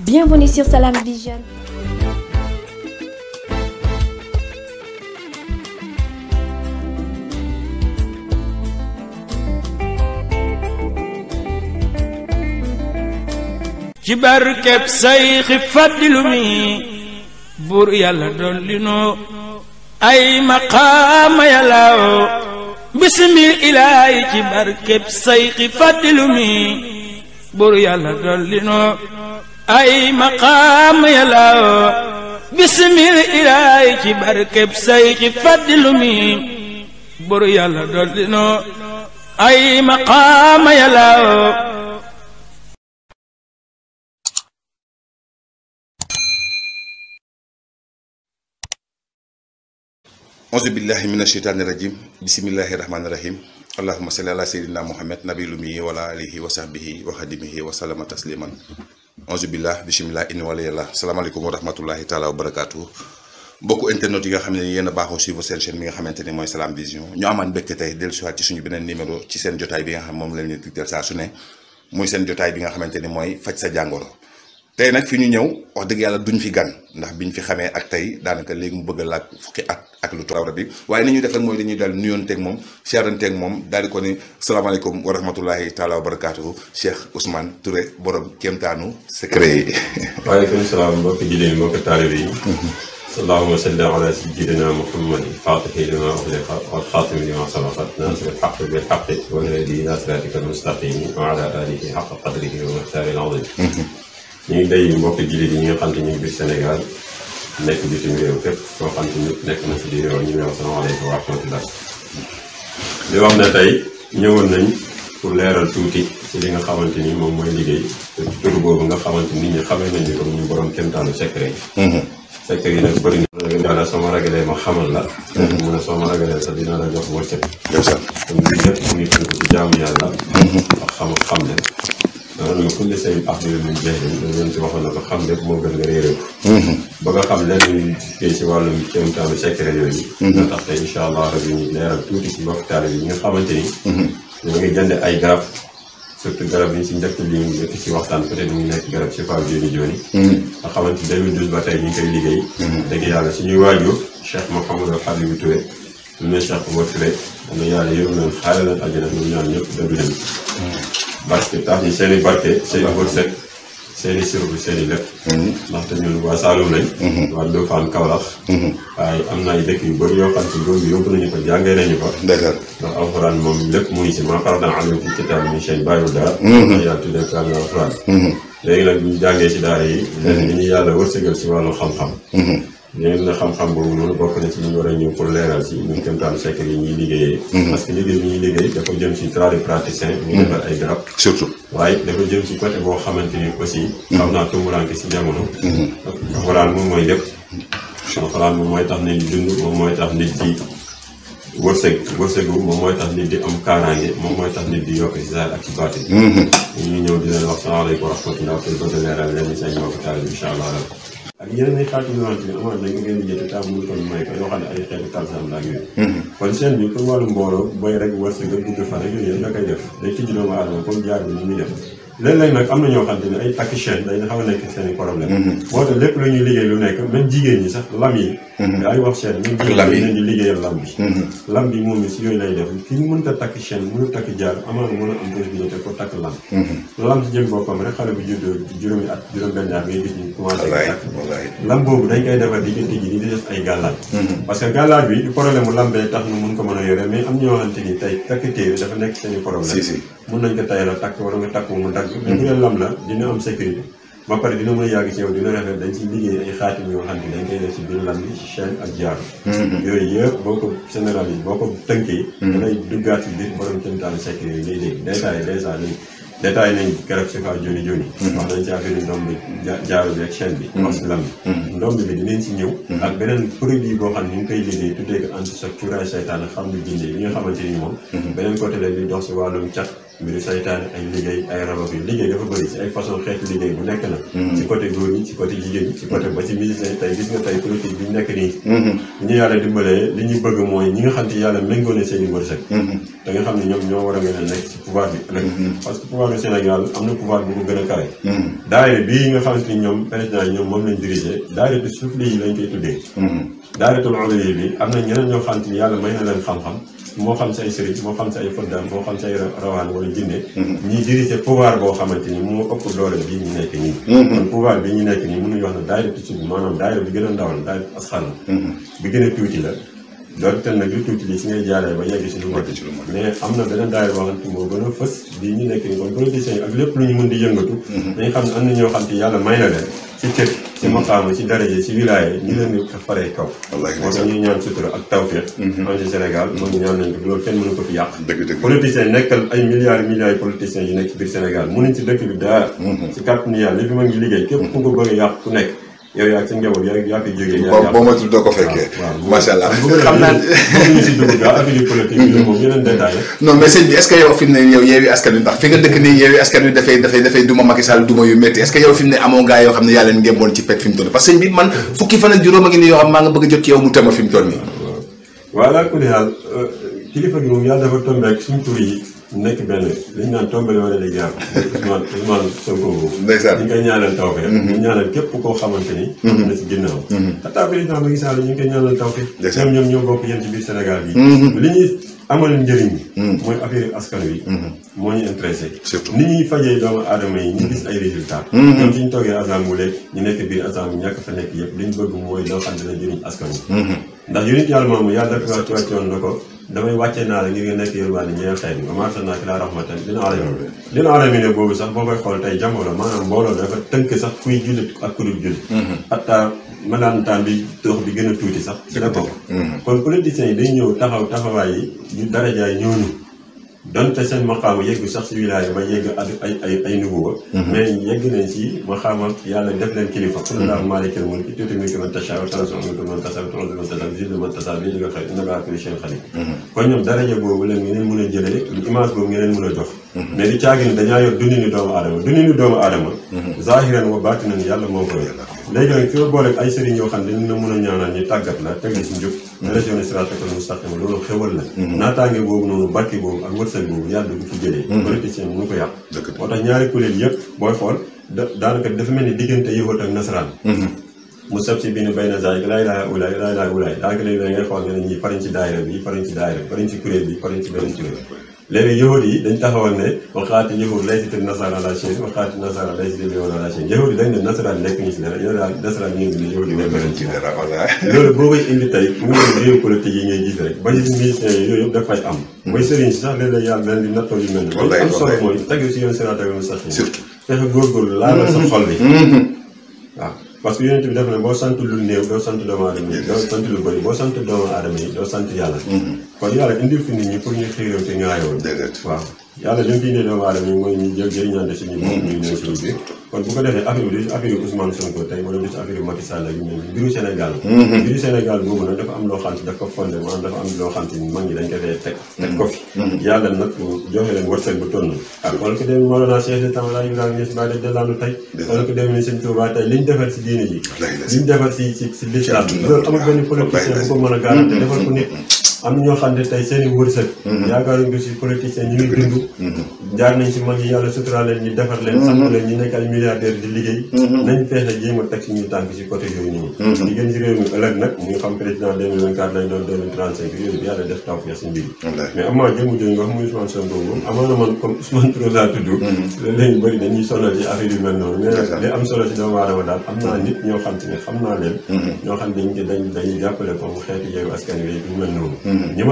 Bienvenue sur Salam Vision. ci barkeb ay maqaama yàllaw bismil ilaahi ci barkeb sayxi fàddilu mi buur ay maqaam yalaw bisimil ilaay ci barkeb say ci faddilu mi buru yàlla dolli no ay maqaam yalaw auzu billahi min asheytaani rajim bisimillahi rahmaani rahim allahuma salli ala seydina muhammad nabi lumi wala alihi wa sahbihi wa xadimihi wa salama tasliman onze billah bisimilah inni wala yàlla salaamaaleykum wa rahmatullahi taala wa internet yi nga xam ne yéen a baaxoo suivre seen chaîne bi nga xamante ne mooy Salam Vision ñu amaan mbégte tey dellusiwaat ci suñu beneen numéro ci seen jotaay bi nga xamante ne mooy faj sa jàngoro tey nag fi ñu ñëw wax dëgg yàlla duñ fi gan ndax bi ñu fi xamee ak tey daanaka léegi mu bëgg a laaj fukki at ak lu tawra bi waaye ni ñu def rek mooy dañuy daal nuyoonteeg moom siyaaranteeg moom daal ko ni salaamaaleykum wa rahmatulahi taala wa barakaatuhu Cheikh Ousmane Touré borom kéemtaanu secret yi. waaleykum salaam mbokki jullit yi mbokki taalibe yi. allahumma salli ala sa muhammadin faatihi lima ughliqa wal xaatimi lima sabaqa naasiril haqqi bil haqqi wal haadi ilaa siraatikal mustaqiim wa ala ñu ngi day mbokk jullit yi ñi nga xam te ñu biir Sénégal nekk bitim réew fépp soo xam te nekk na si biir réew ñu ne li wax na tey ñëwoon nañ pour leeral tuuti ci li nga xamante ni moom mooy liggéey tur boobu nga xamante nit ñi xamee nañ ni ko ñu borom kéemtaanu secret yi mm-hmm. secret yi nag bëri na la soo ma ragalee ma xamal la mm-hmm. mu ne soo ma ragalee sax dina la jox wërsëg kon lii lépp mu ngi tënk ci jaamu yàlla mm-hmm. ak xam-xam le maanaam ku ne say pax yooyu muy jeexee loolu yëpp mhm. ba nga xam lenn kii ci wàllum kéemtaanu secret yooyu. Mhm. nga tax tey incha allah rabi ñu leeral tuuti ci mbokk taal yi nga xamante ni. Mhm. ñoo ay garab surtout garab yi ci njëkk li ñu njëkk ci waxtaan peut-être mu ngi nekk garab ci Fatou Diop Diop. nga xamante ni 2012 ba tey ñu ngi koy liggéey. dëgg yàlla suñuy waajur Cheikh Mouhamadou Habibou Touré. ñu ne Cheikh Mouhamadou Touré am na yàlla yërëm leen xaaral leen àjjana ñoom barke tax yi i barke seen i wërsëg seen i surbu seen i lépp mhm. waa Saalum lañ mhm. waa Dofaan Kaolack mhm. am na ay yu bëri yoo xam ne doom bi yóbbu nañu ko jàngee nañu ko d'accord ndax alxuraan moom lépp muy si ma far naa amee ci kitaab mi seen bàyyiwul dara yàlla tuddee ko am na alxuraan nag bu ñu jàngee si daara yi leen ni ñu yàlla wërsëgal si wàllu xam-xam neen na xam-xam boobu noonu bokk na ci ñu war a ñëw pour leeral ci ñun Kemtaanu Seck yi ñuy liggéeyee. Mhm. parce que liggéey bi ñuy liggéey dafa jëm ci tradipraticien. ñu defal mhm. ay garab. surtout waaye dafa jëm si côté boo xamante ni aussi. xam mhm. naa tumuraanke ci jamono. alxuraan moom mooy lépp. alxuraan moom mooy tax nit di dund moom mooy tax nit di wërsëg wërsëgu moom mooy tax nit di am kaaraange moom mooy tax nit di yokk ci saa ak ci baati. ak yeneen ay xaatu yoo xamante ne amaa dañu leen di jënd taam muy toll may ko yoo xam ne ay xeetu talsam la ak yooyu. Mhm. kon bi pour wàllu mbooloo booy rek wërsëg ak dugg fan ak yooyu yëpp koy def day tijji doomu aadama comme jaar bi ni muy def. léeg-léeg nag am na ñoo xamante ne ay takk chaîne dañu xaw a nekk seen i problème. moo mhm. tax lépp lu liggéey lu nekk même jigéen ñi sax lam yi. Mm-hmm. ay wax chaîne ñun lam nañu liggéeyal lam bi mm-hmm. lam bi moom mi si yooyu lay def ki mënta takk chaîne takk jaar amaana mën a am possibilité ko takk la mm-hmm. lam si jëm boppam bu juddoo juróomi at juróom benn at ngay gis ñu commencé takk lam boobu dañ koy defar diggante ji ni bi problème mu ko mën a yore takk téere dafa nekk seen i problème mun a takk wala nga takk mu dagg mais bu dee lam la dina am sécurité ba pare dina mën a yàgg ci yow dina rafet dañ ciy liggéey ay xaatim yoo xam ne dañ koy def ci biir lam bi chaîne ak jaar mm-hmm. yooyu yëpp boo ko général yi boo ko tënkee. Mm-hmm. danay duggaat ci biir borom cëmtaanu sekk yooyu ngay dégg détaillé dèjà détaillé nañ keroog ci kaw joni joni mhm. wax nañ ci affaire yi ndomb bi jaaro bi ak chaîne bi wax si lam bi ndomb bi dinañ ci ñëw mhm. ak beneen produit boo xam ne ñu koy liggéey tuddee ko antichoc cuuraay saytaan ak xam lu jinde yi nga xamante ni moom mhm. beneen côté la dox si wàllum cat mbiru saytaane ay liggéey ay rabab yi liggéey dafa bëri ci ay façon xeetu liggéey bu nekk na ci côté góor yi ci côté jigéen yi ci côté ba ci musicien tey gis nga tey politique bi nekk nii li bëgg mooy ñi nga yàlla méngoo na seen i wërsëg da nga xam ne ñoom ñoo war a gën nekk ci pouvoir bi ëllëg mm-hmm. parce que pouvoir du Sénégal am na pouvoir bu ko gën a kawe mm-hmm. daayira bii nga xamante ñoom président yi ñoom moom lañ dirigé daayira bi suuf lii lañ koy tuddee mm-hmm. daayiratul amaliya bi am na ñeneen ñoo xamante ni yàlla may na leen xam-xam moo xam say ay sëriñ moo xam si ay fëddaan moo xam si rawaan wala jinne ñuy dirigé pouvoir boo xamante ni mu ëpp doole bii ñu nekk nii kon pouvoir bi ñu nekk nii mënuñu wax ne daayira bi suuf a ndaw la tuuti la donte nag lu tuuti li si ngay jaaree ba yegg si lu mat mais am na beneen daayira boo xam ne moo fës bii ñu nekk ni kon politiciens yi ak lépp lu ñu mën di yëngatu mm-hmm. dañ xam ne am na ñoo xam te yàlla may na leen si cër si mm-hmm. maqaama si daraje si wilaya ñu leen di faree kaw moo tax ñuy ñaan sutura ak tawfeex am mm-hmm. si Sénégal moo ñu nañ ko loolu kenn mënu ko fi yàq politiciens yi nekkal ay milliards milliards politiciens yi nekk biir Sénégal mënuñ si dëkk bi dara si kàttanu yow yaa sa doo ko fekkee. macha allah xam ah, mais sëñ bi est-ce que yow fi mu ne yow yeewi askan fi nga dëkk nii yeewi askan wi dafay dafay duma Macky duma yu métti est-ce que ne amoo yoo xam ne yaa ngémboon ci pet fi mu parce que sëñ man fukki fan juróom a ngi nii yoo xam maa nga bëgg a jot ci yow mu tëma fi nii. nekk benn li ñu naan tombale wala a jaar Ousmane Ousmane Sonko boobu ndeysaan ñu ngi ñaanal taw fe mhm. ñu ñaanal képp koo xamante ni mhm. na ci ginnaaw xataa mhm. président Macky ñu ngi koy ñaanal taw fe ñoom ñoom biir Sénégal bi li ñuy amal njëriñ bi mooy affaire askan wi moo ñu intéressé surtout ni ñuy fajee doomu aadama yi ñu gis ay résultats ñu suñu toogee assemblée léegi ñu nekk biir assemblée ñàkk fa nekk yëpp li ñu bëgg mooy loo xam dina jëriñ askan wi ndax yonit yàlla moomu yàlla dafa wàccoon na ko damay wàccee naa la ngir nga nekk yërmaande ñeel xeet bi amarsa naa ki laa rahmatan dina alam ne boobu sax boo koy xool tay jamono maanaam mbooloo dafa tënk sax kuy jullit ak ku dul jullit mm-hmm. hatta mënaantaan bi toox bi gën a tuuti sax ci la bokk mm-hmm. kon politiciens yi day ñëw taxaw taxawaay yi ñu darajaay ñooñu donte seen maqaama yegg sax si wilaaya ba yegg ak ay ay ay nubuwa mhm. mais yegg nañ si maqaama yàlla def leen kilifa mhm. qul allahumma maalikal mulki tuuti mulka man tashaa wa tanzi'ul mulka mimman tashaa wa tu'izzu man tashaa wa tuzillu man tashaa bi yadikal khayr innaka 'alaa kulli shay'in qadiir mhm. kon daraja boobu leen ngeen mën a jëlee image boobu ngeen mën a jox mais di caagin dañaa yor dundinu doomu aadama dundinu doomu aadama zahiran wa baatinan yàlla moo ko yor léegi nag ci la booleeg ay sëriñ yoo xam ne dañu la mën a ñaanal ñu tàggat la teg la ci njub mm-hmm. région ni siraatal mustaqiim loolu xewal la mm-hmm. naataange boobu noonu barke boobu ak wërsëg boobu yàlla du ko jëlee mm-hmm. politicien mënu ko yàq moo tax ñaari kuréel yëpp booy xool daanaka dafa mel ni diggante yëwoot ak nasaraan mu sab si biir bay na zaay laay laay ulaay laay laay ulaay daanaka léegi da ngay xool nga ne ñii fariñ ci daayira bi fariñ ci daayira bi fariñ ci kuréel bi fariñ léegi yahud yi dañ taxawal ne waxaati yahud laysatil nasara ala shay waxaati nasara laysatil yahud ala shay yahud yi dañ ne nasaraan nekk ñu si dara ne yahud yi nekk yi ngay gis rek ba gis ministère yi yooyu yëpp dafay am mooy sëriñ si sax léeg-léeg yàlla leen di nattoo yu mel ni am solo mooy tegu si yoon siraatal mustaqim surtout fexe góorgóorlu laa la sa xol bi mm-hmm. parce que yonent bi def na boo sant lu néew doo sant doomu aadama yi doo sant yàlla mhm. kon yàlla indil fi ñi pour ñu xiiroo te ñaayoo waaw yàlla li mu doomu aadama yi mooy ñu jël jëriñante suñu bopp ñuy ñëw suñu biir kon bu ko defee affaire bi du ci affaire Ousmane Sonko tey wala du ci affaire Macky Sall ak ñoom mbiru Sénégal mm-hmm. Mm-hmm. mbiru Sénégal boobu nag dafa am loo xam ne daf ko fondé maanaam dafa am loo xam ne mag ñi dañ ko fee teg mm-hmm. teg ko fi yàlla nag joxe leen wërsëg bu tonn ak wala ko dem Mawlana Cheikh de Temps la Ibrahima Niass Baye de Landu tey wala ko dem ni Sëñ Touba tey liñ defar si diine ji liñ defar si si si l'islam loolu amul benn politicien bu ko mën a garanti defal ko nit am na ñoo xam ne tey seen i wërsëg yaakaaruñ ko si politicien ñu ngi dund jaar nañ si mag yi yàlla suturaal leen ñu defar leen sant leen ñu nekk ay milliardaire di liggéey mhm. nañ feexe jéem a teg suñuy tànk ci côté yooyu noonu mhm. li gën ci réew mi ëllëg nag muy xam président 2024 lañ doon 2035 yooyu bi yàlla def mhm. yu mel noonu mais li am solo si doomu aadama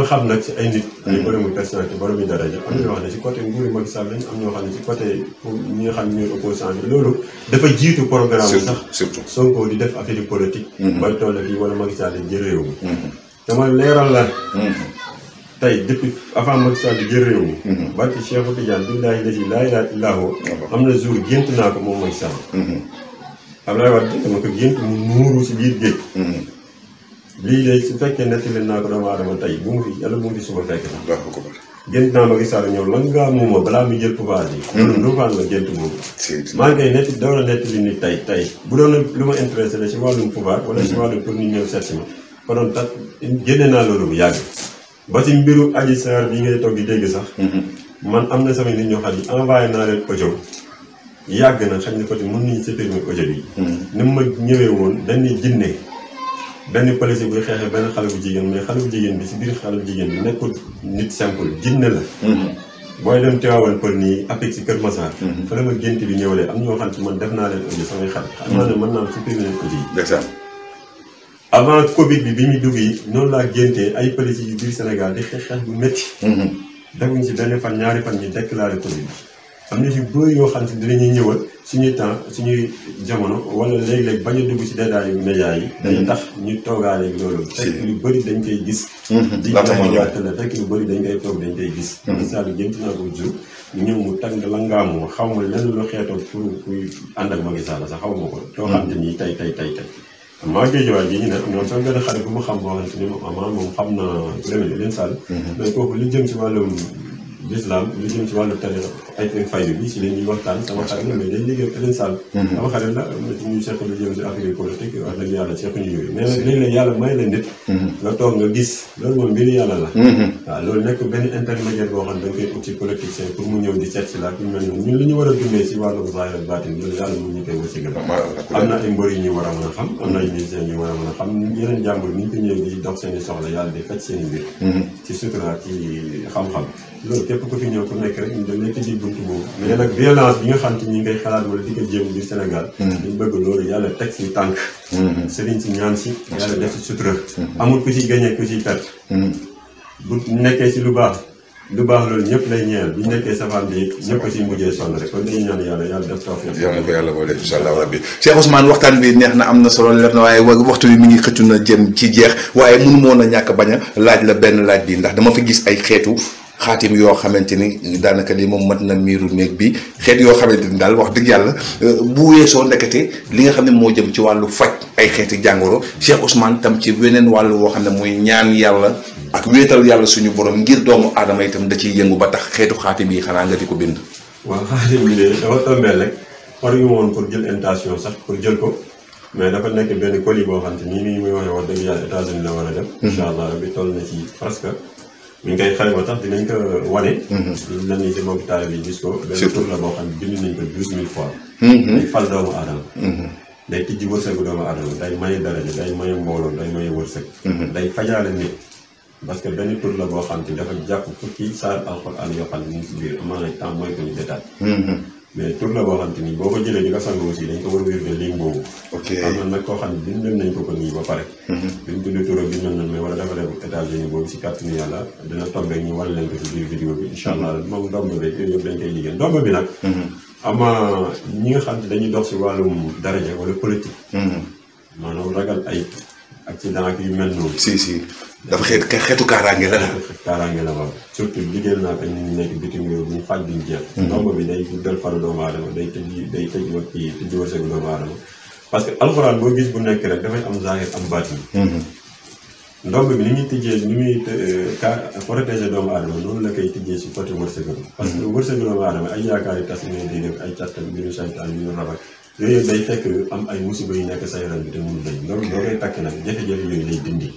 ma xam nag si ay nit ay boromu personnalité boromu daraja am ñoo xam ne si côté nguuri Macky Sall lañ am ñoo xam ne si côté ñi nga xam ne ñooy opposant bi loolu dafa jiitu programme sax surtout Sonko di def affaire politique mhm. bay toll fii wala Macky di jël réew mi mhm. dama leeral la mhm. tey depuis avant Macky Sall di jël réew mi barke Cheikh Tidiane billaahi lasi laa ilaaha illaa hu am na jour gént naa ko moom Macky Sall Abdoulaye Wade dama ko gént mu nuuru si biir géej lii de su fekkee nettali naa ko doomu aadama tey bu mu fi yàlla bu mu fi suba fekk na gént naa Macky Sall ñëw lan ngaa moom ma balaa muy jël pouvoir yi. lu lu baax la gént boobu. maa ngi koy nett doon nit tey tey bu doon lu ma intéressé la si wàllum pouvoir. wala si mm-hmm. wàllum pour nit ñëw seet si ma. konoon tat génne naa loolu bu yàgg ba ci mbiru Adji Sarr bi ngay toog di dégg sax. Mm-hmm. man am na sama nit ñoo xam ne envoyé naa leen audio. yàgg na xam ne côté mën nañu supprimer audio bi. Mm-hmm. ni mu ma ñëwee woon dañ jinne benn policier buy xeexee benn xale bu jigéen mais xale bu jigéen bi si biir xale bu jigéen bi nekkul nit simple jinne la. Mhm. booy dem teewaawal pël nii apik si Kër Masar. Mhm. fa la bi ñëwalee am ñoo xam man def naa leen audio samay xale. xam naa ne mën naa supprimer leen audio yi. d'accord avant Covid bi bi ñu dugg yi noonu laa géntee ay policiers yu biir Sénégal di xeex xeex bu métti. Mhm. defuñ si benn fan ñaari fan ñu déclaré Covid bi. am na ci bëri yoo xam ne dinañuy ñëwal suñuy temps suñuy jamono wala léeg-léeg bañ a dugg ci détail yu média yi. Hmm. day tax ñu toogaale ak loolu. fekk lu bëri dañ koy gis. Hmm. di toogaate la fekk lu bëri dañ koy toog dañ koy gis. misaal hmm. bi jënt naa ko jur ñëw mu tàng la ngaamu xaw ma lenn lu xeetoo pour kuy ànd ak Macky Sall sax xaw ma ko. too xam te ni tey tey tey tey. maa ngi jiwaay ji ñu ne ñoom sama benn xarit bu ma xam moom xam na Lamine Sall. mais kooku li jëm ci wàllum l'islam lu jëm ci wàllu tarixa ay ak fayda bi si la ñuy waxtaan sama xarit la mais dañ liggéey ak Alioune Sall mhm. sama xarit la ñu seq lu jëm si affaire politique wax dëgg yàlla seq ñu yooyu mais nag léegi la yàlla may la nit mhm. nga toog nga gis loolu moom mbiru yàlla la mhm. waaw loolu nekk benn intermédiaire boo xam ne da nga koy ut ci politicien pour mu ñëw di seet si laa pour mel noonu ñun li ñu war a dundee si wàllu zahir ak baatin loolu yàlla mu ñu koy wasigal am na ay mbër yu ñu war a mën a xam am na ay musiciens ñu war a mën a xam yeneen jàmbur ñu ko ñëw di dox seen i soxla yàlla di faj seen i mbir ci sutura ci xam-xam loolu képp képp ku fi nekk rek ñu dañuy nga xam te ñi ngay xalaat wala di ko jéem biir Sénégal hmm. dañ bëgg loolu yàlla teg si tànk hmm. sëriñ si ñaan si yàlla def si sutura hmm. amul ku si gagné ku si perte bu nekkee si lu baax lu baax loolu ñëpp lay ñeel bu ñu nekkee safaan bi ñëpp ko si mujjee sonn rek kon dañuy ñaan yàlla yàlla def tawfiq yàlla na ko yàlla boole incha allah rabbi Cheikh waxtaan bi neex na am na solo leer na waaye waxtu bi mi ngi xëccu na jëm ci jeex waaye mënu moon a ñàkk baña laaj la benn laaj bi ndax dama fi gis ay xeetu xaatim yoo xamante ni daanaka li moom mat na miiru néeg bi xeet yoo xamante ni daal wax dëgg yàlla euh, bu weesoo ndekete li nga xam ne moo jëm ci wàllu faj ay xeeti jàngoro Cheikh Ousmane tam ci weneen wàll woo xam ne muy ñaan yàlla ak wéetal yàlla suñu borom ngir doomu aadama tam da ciy yëngu ba tax xeetu xaatim yi xanaa nga di ko bind. waa xaatim bi de dafa tombeel rek waruñu woon pour jël intention sax pour jël ko. mais dafa nekk benn colis boo xam te nii waxee wax dëgg yàlla États-Unis a mu ngi koy xayma tax dinañ ko wane. lu mel ni ci mbokku taale bi gis ko. benn tur la boo xam ne bind nañ ko douze mille fois. Mhm. day fal doomu aadama. Mhm. day tijji wërsëgu doomu aadama day maye daraja day maye mbooloo day maye wërsëg. Mhm. day fajaale nit. parce que benn tur la boo xam ne dafa jàpp fukki saar alxuraan yoo xam ne mu ngi si biir temps mooy ko ñu détaillé. mais tur la boo xamante ni boo ko jëlee di ko sang aussi dañ ko war a wér ligne boobu. ok am na nag koo xam ne bindal nañ ko ko nii ba pare. Mhm. bi ñu tudd turam bi ñu doon mais bi incha allah moom ndomb beeg yooyu yëpp dañ koy liggéey ndomb bi nag. Mhm. ama ñi nga xam ne dañuy dox si wàllum daraja wala politique. Mhm. maanaam ragal ay accident ak yu mel noonu. si si. dafa xeet xeetu kaaraange la daal. kaaraange la waaw surtout liggéeyal naa ak ñi nekk bitim réew mi faj duñ jeex. Mm-hmm. ndomb bi day guddal faru doomu aadama day parce que alxuraan boo bu nekk rek dafay am zahir am baatin. Mm-hmm. ndomb bi ni muy tijjee ni muy car e, protéger doomu aadama noonu la koy tijjee si côté wërsëgam. Mm-hmm. parce que wërsëgu doomu ak mbiru saytaan mbiru rabat yooyu day fekk ay musiba yu nekk sa yaram bi te nag jafe-jafe yooyu lay dindi.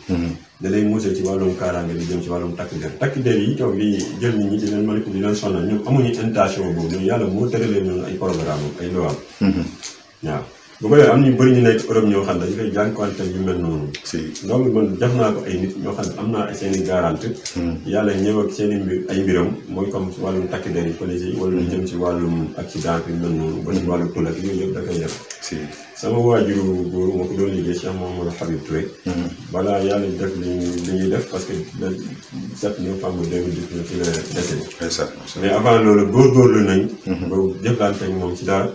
da lay ci wàllum kaaraange di jëm ci wàllum takk der takk der yi toog di jël nit ñi di leen manipulé di leen sonal ñoom amuñu intention boobu ñun yàlla moo tëralee noonu ay mm-hmm. am ñu bëri ñu nekk Europe ñoo xam ne dañu koy jànkuwanteel yu mel noonu. si loolu man def naa ko ay nit ñoo xam ne am naa seen i garante. Mm-hmm. yàlla ñëw ak seen i mbir ay mbiram mooy comme si wàllum takk der yi kon yi wala lu jëm si wàllum accident bi mel noonu. ba si mm-hmm. wàllu tool ak yooyu yëpp da koy si sama waajur bu góor moo ko doon liggéey Cheikh Mouhamadou Habib Touré. Mhm. balaa yàlla def li ñuy def parce que le 7 novembre bu ci la décédé. mais avant loolu góorgóorlu nañ. Mhm. ba jëflante ak moom ci daal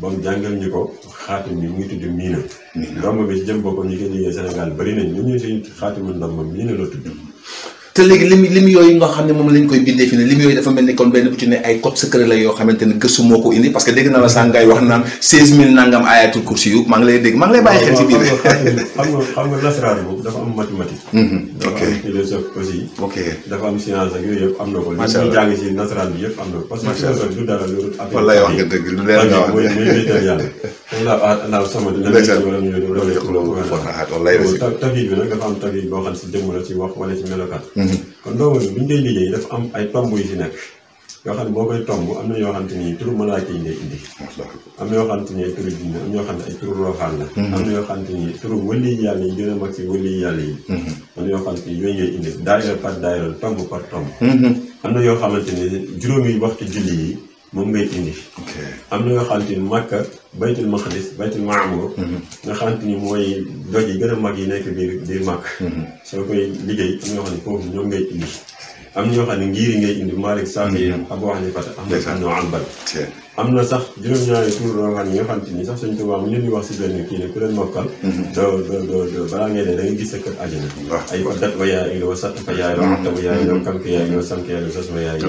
ba mu jàngal ko xaatim bi mu ngi tudd miina. ndomb bi ci jëm boppam ñu koy liggéey Sénégal bari nañ ñun ñu ngi si xaatimu ndomb miina la tudd. Mhm. te léegi lim lim yooyu nga xam ne moom lañ koy bindee fi ne lim yooyu dafa mel kon benn bu ci ne ay code secret la yoo xamante ne gëstu ko indi parce que dégg na la sànq ngay wax naan 16000 nangam ayatul nga mhm, am na ko. macha allah li ko. parce du leer nga wax mooy mooy wéetal yàlla. alhamdulilah sama dina nekk bi nag dafa si wax wala ci melokaan mhm. kon ndongo bi bu ñu koy liggéey dafa am ay tomb yu ci nekk yoo xam ne boo koy tomb am na yoo xam te ni turu malaaka am na yoo xam te ni ay turu jinne na yoo xam ne ay turu roxaan la mhm. am na yoo xam te turu wëli yàlla yi gën a mag ci wëli yàlla yi mhm. am na yoo xam te ni yooyu ngay indi daayira par daayira tomb par tomb mhm. am na yoo xamante ni juróomi waxtu julli yi moom ngay indi. am na nga xamante ni Makka baytul maqdis baytul maamur mhm. nga xamante mooy doj yi gën a mag yi nekk biir biir Makka. Mhm. soo koy liggéey am na ñoo xam ne foofu ñoom ngay indi. am na ñoo xam ne ngir ngay indi Malik Saafi mhm. Abu Hanifa am na am na am na sax juróom-ñaari tur rongaan yi nga xam te ni sax Sëñ Tuubaa mu leen di wax si benn kii ne ku mokkal mhm. doo doo doo doo balaa ngay dee da ngay gis sa kër àjjana ay fa dat ba yaay loo satt fa yaay loo xatta ba yaay loo kank yaay ay mhm. na si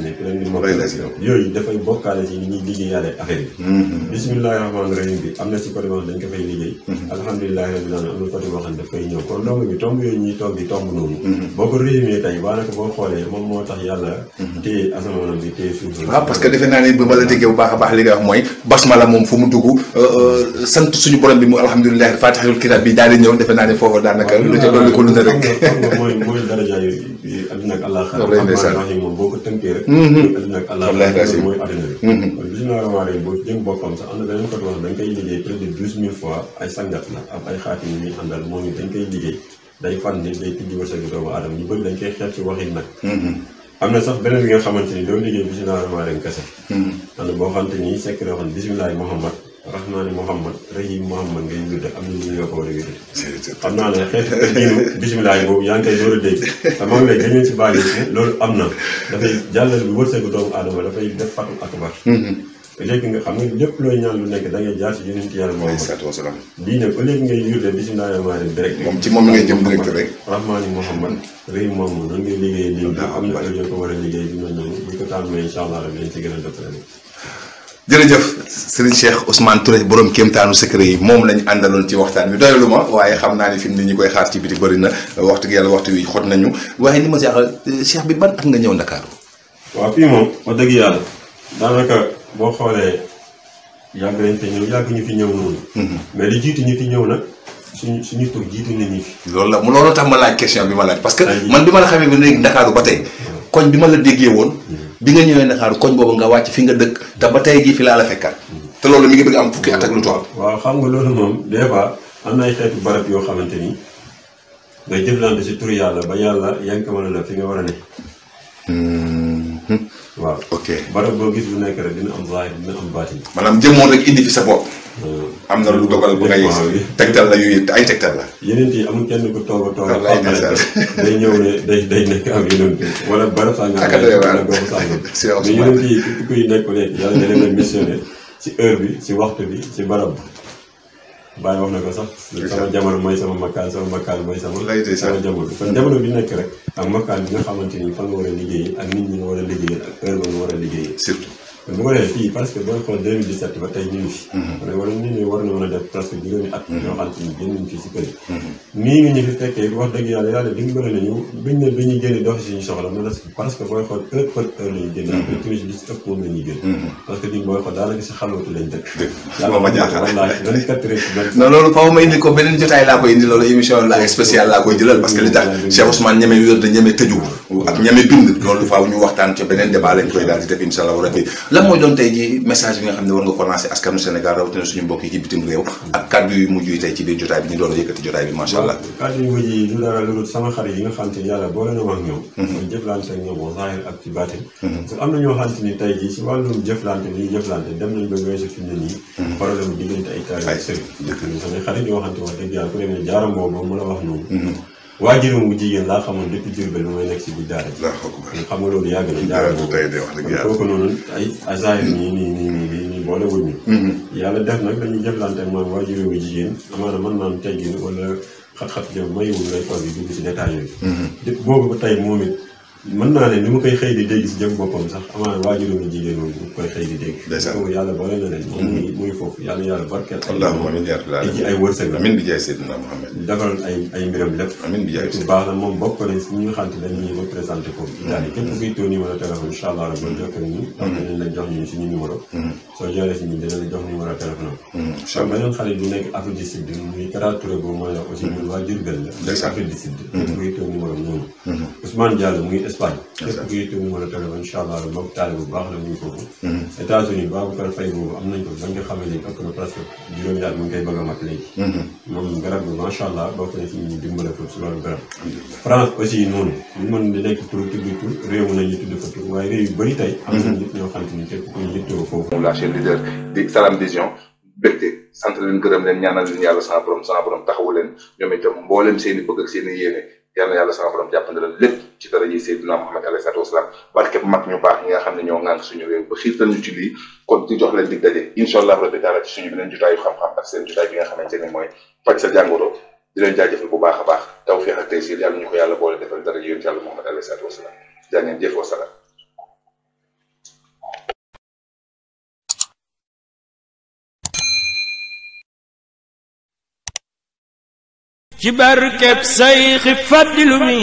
ne ku leen di mokkal yooyu dafay bokkaale si ni ñuy liggéeyaale affaire bi mhm. bismillahi rahmaani rahim bi am na si côté boo xam dañ ko fay liggéey alhamdulillahi rabbil am na côté boo xam ne ñëw kon donc bi tomb yooyu ñuy tomb yi tomb noonu boo ko résumé tey boo xoolee moom moo tax yàlla téye asamaan bi téye suuf waaw ah, parce que defe naa ne ba la déggee bu baax a baax li nga wax mooy basmala moom fu mu dugg euh, euh, sant suñu borom bi mu alhamdulilah fatihatul kitab bi daal di ñëw defe naa ne foofu daanaka lu ca a boo mm-hmm. mm-hmm. na beneen côté wax dañ koy liggéey près de douze mille fois ay sangat la am ay xaatim yu ñuy àndal moom it dañ koy liggéey day fànn day tijji wërsëgu doomu aadama ñu bëri dañ xeet ci waxin nag mm-hmm. am na sax beneen bi nga xamante ni doo liggéey bi si naanama leen kese hmm. am na boo xamante ni sekk yoo xam ne bisimilahi muhammad rahmaani muhammad rahim muhammad ngay gudde am na ñu ñu la ko war a gudde xam naa ne xeetu diinu bisimilahi boobu yaa ngi koy door a dégg te maa ngi lay dañu si bàyyi loolu am na dafay jàllal bi wërsëgu doomu aadama dafay def fatu akbar hmm. léegi nga xam ne lépp looy ñaan lu nekk da ngay jaar ci yonent yàlla moom lii nag léegi ngay yurde bisimilah rahmaani direct moom ci moom ngay jëm direct rek rahmaani Muhammad réew moom noonu ngay liggéey na ñoo secret yi moom lañ àndaloon ci waxtaan bi doyalu waaye xam naa ni fi mu ne ñu koy xaar ci biti bëri na waxtu yàlla waxtu wi xot nañu waaye li ma jaaxal Cheikh bi ban at nga ñëw Ndakaaru waaw fii moom wax dëgg yàlla daanaka boo xoolee yàgg nañ fi ñëw yàgg ñu fi ñëw noonu. Mhm. mais li jiitu ñu fi ñëw nag suñu suñu tur jiitu nañu fi. loolu la loolu tax ma laaj question bi ma laaj. parce que man bi ma la xamee ba léegi Ndakaaru ba tey. koñ bi ma la déggee woon. Mm. bi nga ñëwee Ndakaaru koñ boobu nga wàcc fi nga dëkk te ba tey gii fi laa la fekkaat. Mm. te loolu mi ngi bëgg am fukki at ak lu toll. waaw xam nga loolu moom des fois am na ay xeetu barab yoo xamante ni ngay jëflante si tur yàlla ba yàlla yankamala la fi nga war a ne. Mm. waaw ok barab boo gis bu nekk rek dina am zaahir dina am baatin. maanaam jëmmoon rek indi fi sa bopp. Euh, am na lu dogal bu ngay tegtal la yooyu ay tegtal la. yeneen yi am kenn ku toog a toog a. day ñëw ne day day nekk am yeneen wala barab sàngam. ak doy waar mais yeneen yi ku kuy nekk ku nekk yàlla nga leen missionné ci heure bi ci waxtu bi ci barab bi. bàyyi wax na ko sax. sama jamono mooy sama makkaan sama makkaan mooy sama. sama jamono kon jamono bi nekk rek. ak makkaan bi nga xamante ni fan nga war a liggéeyee ak nit ñi nga war a liggéeyee ak heure ba nga war a liggéeyee. surtout. bu ko defee fii parce que booy xool 2017 ba tey ñu ngi fi. Mhm. wala nit a def presque juróomi loolu faaw ma indi ko beneen jotaay laa koy indi loolu émission la spéciale laa koy jëlal parce que li tax Cheikh Ousmane ñeme wér da ñeme tëju ak ñeme bind loolu faaw ñu waxtaan ca beneen débat lañ koy daal di def incha allah lan mooy doon tey ji message bi nga xam ne war nga ko lancer askanu Sénégal rawatina suñu mbokk ci bitim réew. ak kàddu bi ñu doon yëkkati jotaay bi yu mujj yi du dara lu dul sama xarit yi nga xam te ne yàlla boole na ma ak ñoom. mooy mhm. jëflante ak ñoom zahir ak ci baatin. te mhm. am na ñoo xam te ni tey jii si wàllum jëflante li ñuy jëflante dem nañ ba weesu fi mu ne nii. Mhm. problème diggante ay taal ak sëriñ. dëgg la samay xarit yoo xam jaaram boobu mu la wax noonu waajuram bu jigéen laa xamoon depuis Diourbel bi mooy nekk si bu daara ji. xam nga yàgg na. daara bu tey de wax dëgg yàlla kooku noonu ay nii nii nii nii mm-hmm. yàlla def nag dañuy jëflante ak maam waajuram bu jigéen amaana mën naan teggin wala xat-xat jëm mayiwul ngay toog yi dugg si détail yooyu. Mm-hmm. boobu ba tey moom mën naa ne ni mu koy xëy di dégg si jëm boppam sax amaana waajuram yi jigéen moom mu koy xëy di dégg. ndeysaan ko yàlla boole na leen. moom muy foofu yàlla yàlla barkeel. ay wërsëg la. amiin bi jaay Seydina Mouhamed. defal moom bokk nañ si ñi nga xam ne dañuy représenté ko. daal di képp kuy tóo numéro téléphone incha allah rabbi mhm. jokkoo ñu. Mhm. danañ la jox ñu suñu numéro. Mhm. soo joxee si ñun danañ la jox numéro téléphone am. muy Espagne képp kuy yittewu mën a tollu incha allah loolu moom bu baax la mhm. ba nga xamee na presque juróomi at mu ngi koy bëgg a mat léegi mhm. moom garab bi macha allah bokk na ci ñu dimbale ko si noonu ñu mën di nekk tur tudd tur réew mën nañu tudd fa tur waaye réew yu bëri tey am na mhm. nit ñoo xam la chaîne leader di sant leen gërëm leen ñaanal leen yàlla sama borom sama borom taxawu leen ñoom itam mboolem seeni i bëgg ak seen yéene yal na yàlla sama borom jàppandalal lépp ci dara yi Seydina Muhammad alayhi salaatu wasalaam barke bu mag ñu baax nga xam ne ñoo ŋànk suñu réew ba xiirtal ñu ci lii kon ñu jox leen dig daje incha allah rabbi taala ci suñu beneen jutaayu xam-xam ak seen jutaay bi nga xamante ne mooy faj sa jàngoro di leen jaajëfal bu baax a baax tawfiq ak taysiir yàlla ñu ko yàlla boole defal dara yi yonent yàlla ci barkeb sayxi fàddilu mi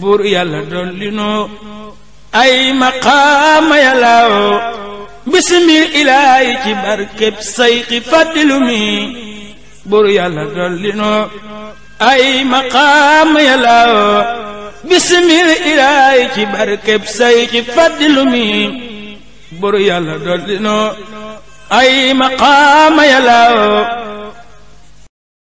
buur yàlla dolli noo ay maqaama yàllaaw bisimil ilaahi ci barkeb sayxi fàddilu mi buur yàlla dolli noo ay maqaama yàllaaw